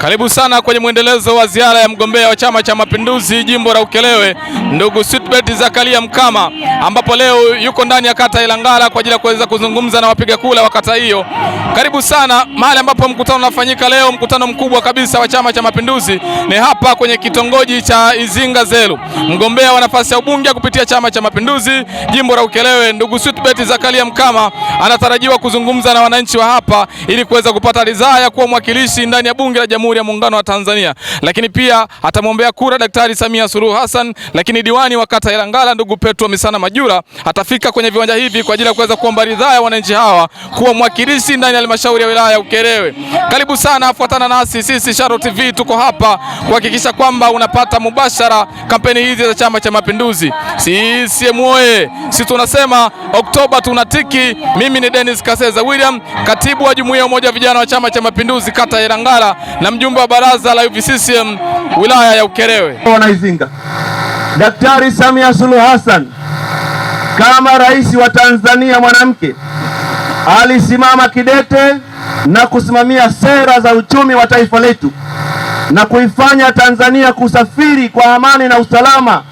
Karibu sana kwenye mwendelezo wa ziara ya mgombea wa Chama cha Mapinduzi jimbo la Ukerewe ndugu Sweetbet Zakaria Mkama, ambapo leo yuko ndani ya kata ya Ilangala kwa ajili ya kuweza kuzungumza na wapiga kura wa kata hiyo. Karibu sana mahali ambapo mkutano unafanyika leo, mkutano mkubwa kabisa wa Chama cha Mapinduzi ni hapa kwenye kitongoji cha Izinga Zelu. Mgombea wa nafasi ya ubunge kupitia Chama cha Mapinduzi jimbo la Ukerewe ndugu Sweetbet Zakaria Mkama anatarajiwa kuzungumza na wananchi wa hapa ili kuweza kupata ridhaa ya kuwa mwakilishi ndani ya bunge la Jamhuri ya Muungano wa Tanzania. Lakini pia atamwombea kura Daktari Samia Suluhu Hassan. Lakini diwani wa kata Ilangala ndugu Petro Misana Majura atafika kwenye viwanja hivi kwa ajili ya kuweza kuomba ridhaa ya wananchi hawa kuwa mwakilishi ndani ya halmashauri ya wilaya ya Ukerewe. Karibu sana, afuatana nasi sisi Sharo TV, tuko hapa kuhakikisha kwamba unapata mubashara kampeni hizi za Chama cha Mapinduzi. CCM oye! Si tunasema Oktoba tunatiki. Mimi ni Dennis Kaseza William, katibu wa Jumuiya ya Umoja wa Vijana wa Chama cha Mapinduzi kata ya Ilangala na mjumbe wa baraza la UVCCM wilaya ya Ukerewe. Wanaizinga Daktari Samia Suluhu Hassan kama rais wa Tanzania mwanamke alisimama kidete na kusimamia sera za uchumi wa taifa letu na kuifanya Tanzania kusafiri kwa amani na usalama.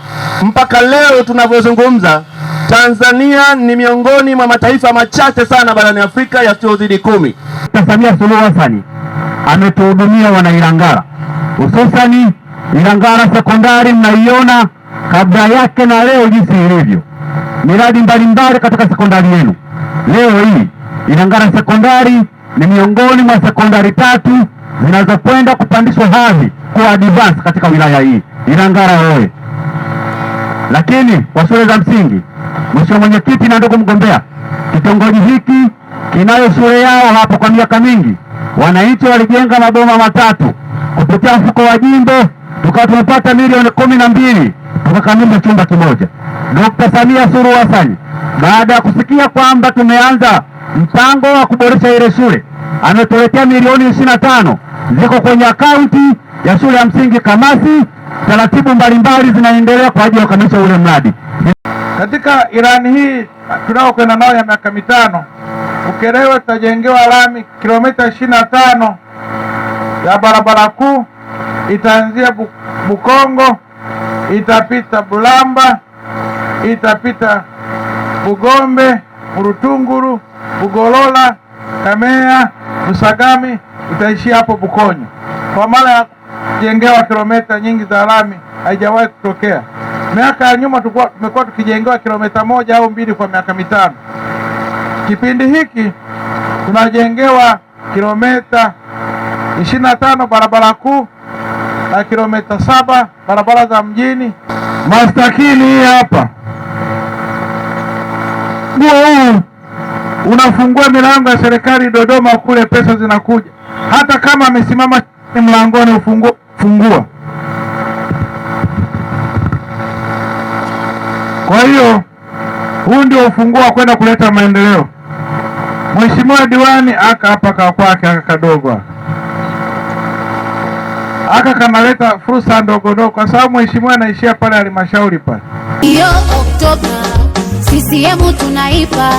Mpaka leo tunavyozungumza, Tanzania ni miongoni mwa mataifa machache sana barani Afrika yasiyozidi kumi. Samia Suluhu Hassan ametuhudumia Ilangara, hususani Ilangara sekondari mnaiona kabla yake na leo jinsi ilivyo, miradi mbalimbali katika sekondari yenu. Leo hii Ilangara sekondari ni miongoni mwa sekondari tatu zinazokwenda kupandishwa hadhi kuwa advance katika wilaya hii Ilangara oye! Lakini kwa shule za msingi, Mheshimiwa Mwenyekiti na ndugu mgombea, kitongoji hiki kinayo shule yao hapo kwa miaka mingi Wananchi walijenga maboma matatu kupitia mfuko wa jimbo, tukawa tumepata milioni kumi na mbili tukakamilisha chumba kimoja. Dkt. Samia Suluhu Hassan baada ya kusikia kwamba tumeanza mpango wa kuboresha ile shule ametuletea milioni ishirini na tano ziko kwenye akaunti ya shule ya msingi Kamasi. Taratibu mbalimbali zinaendelea kwa ajili ya kukamilisha ule mradi. Katika irani hii tunayokwenda nayo ya miaka mitano, Ukerewe tutajengewa lami kilomita ishirini na tano ya barabara kuu, itaanzia Bukongo, itapita Bulamba, itapita Bugombe, Burutunguru, Bugolola, Kamea, Busagami, itaishia hapo Bukonyo. Kwa mara ya kujengewa kilomita nyingi za lami haijawahi kutokea. Miaka ya nyuma tumekuwa tukijengewa kilomita moja au mbili kwa miaka mitano. Kipindi hiki tunajengewa kilomita ishirini na tano barabara kuu na kilomita saba barabara za mjini. Mastakini hii hapa, nguo huu unafungua milango ya serikali Dodoma kule, pesa zinakuja. Hata kama amesimama mlangoni, ufungua Kwa hiyo huu ndio ufunguo wa kwenda kuleta maendeleo. Mheshimiwa diwani aka hapa kwa kwake aka kadogo aka kanaleta fursa ndogondogo, kwa sababu mheshimiwa anaishia pale halmashauri pale. Hiyo Oktoba CCM tunaipa.